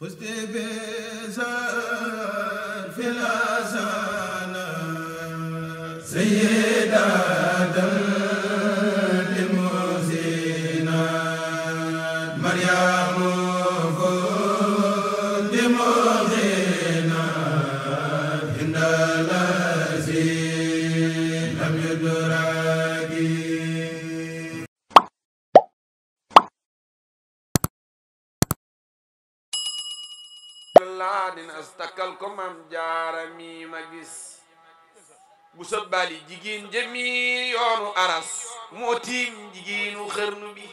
فزت بزار في الأزال سيدة la la la dina astakal ko mam jaara mi ma bu sobbali jigéen jëmi yoonu aras moo tiim jigéenu xërnu bi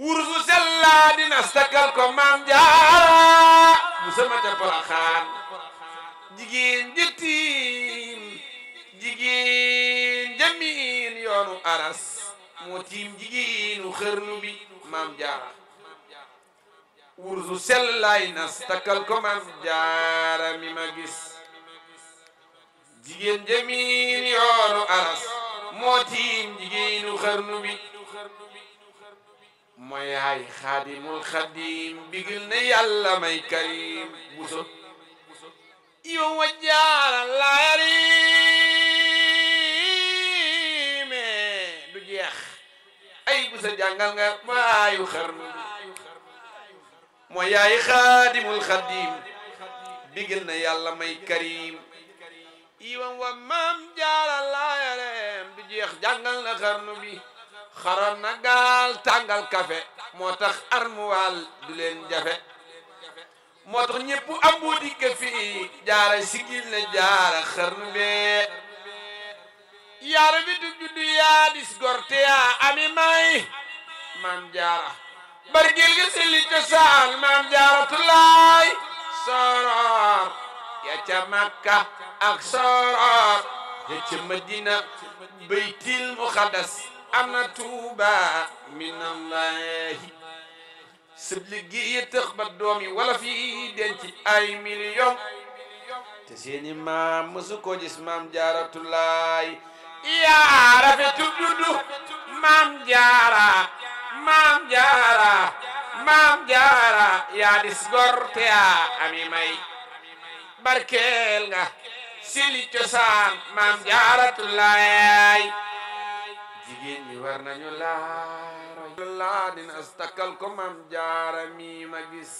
wursu sellaa dina stakal ko maam jaara bu sama ta palaxaan jigéen aras moo tiim jigéenu xërnu bi maam jaara wursu sellaay nas takkal ko mas jaara ma gis jigéen jamiin yoonu aras moo tiim jigéenu xarnu bi mooy yaay xaadimul xadim bigil ne yàlla may karim buso yow wa jaara laarime du jeex ay busa jàngal nga maayu xarnu mooy yaay xaadimul xadim bigil na yàlla may karim iwam wa maam jaara laayareem du jeex jàngal na xarnu bi xaral na gaal tàngal kafe moo tax armuwaal du leen jafe moo tax ñëpp ambu dikk fii jaara sigil na jaara xarnu bee yaara bi du juddu yaa gorte yaa ami may maam jaara bari gil gi silli cosaan maam jaaratulaay soror ya ca makka ak soror ya ca madina baytil muqaddas ana tuuba minallahi sëbli gi ya tëx ba doom yi wala fi denc ay million te seeni maam mësu ko gis maam jaaratulaay yaa rafetu dudu maam jaara maam jaara maam jaara yaa dis gor te yaa ami may barkeel nga sili cosaan maam jaaratu laay jigéen ñi nañu laaroy laa dina astakal ko maam jaara mi ma gis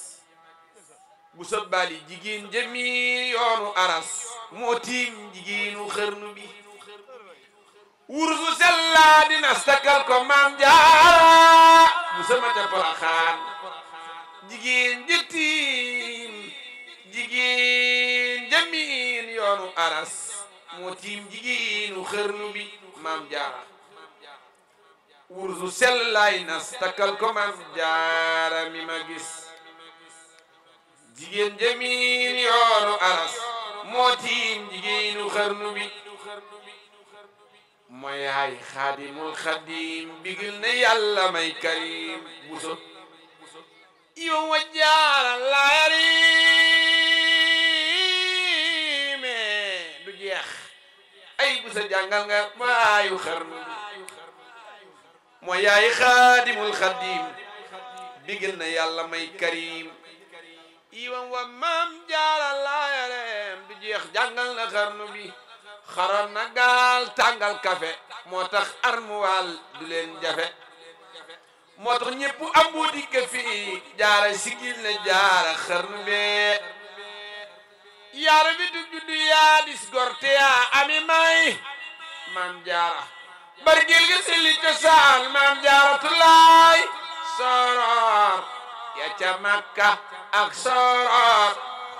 bu sobbali jigéen jëmi bi wursu sellaa dina astakal ko maam jaara sama te poroxaan jigéen jëttiin jigéen jamiin yoonu aras moo tiim jigéenu xërnu bi maam jaara wursu sell nas takkal ko maam jaara mi ma jigéen jamiin yoonu aras moo tiim jigéenu xërnu bi mooy yaay xaadimul xadim bigil ne yàlla may karim buso yow wa jaara laarime du jeex ay busa jàngal nga maayu xarnu mooy yaay xaadimul xadim bigil ne yàlla may karim iwan wa maam jaara laayareem du jeex jàngal na xarnu bi xaran na gaal tàngal kafe moo tax armuwaal du jafe moo tax ñëpp ambu dikke fii jaara sigil na jaara xarnu bee yaara bi du juddu gorte yaa ami may maam jaara bargil gi silli cosaan maam jaara tulaay soror ya ca makka ak soror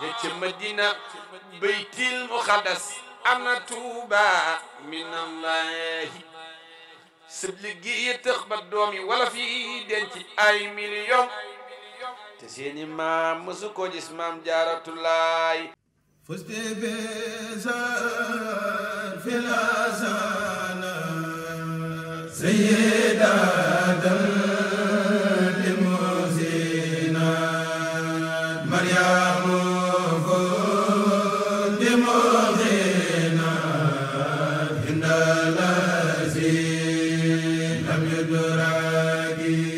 ya ca madina baytil ana tuuba minallahi sëb liggéey tëx ba doom yi wala fi denc ay million te seeni maam mësu ko gis maam jaaratulaay fuste besar filasana sayyidatan limosina maryam juraagi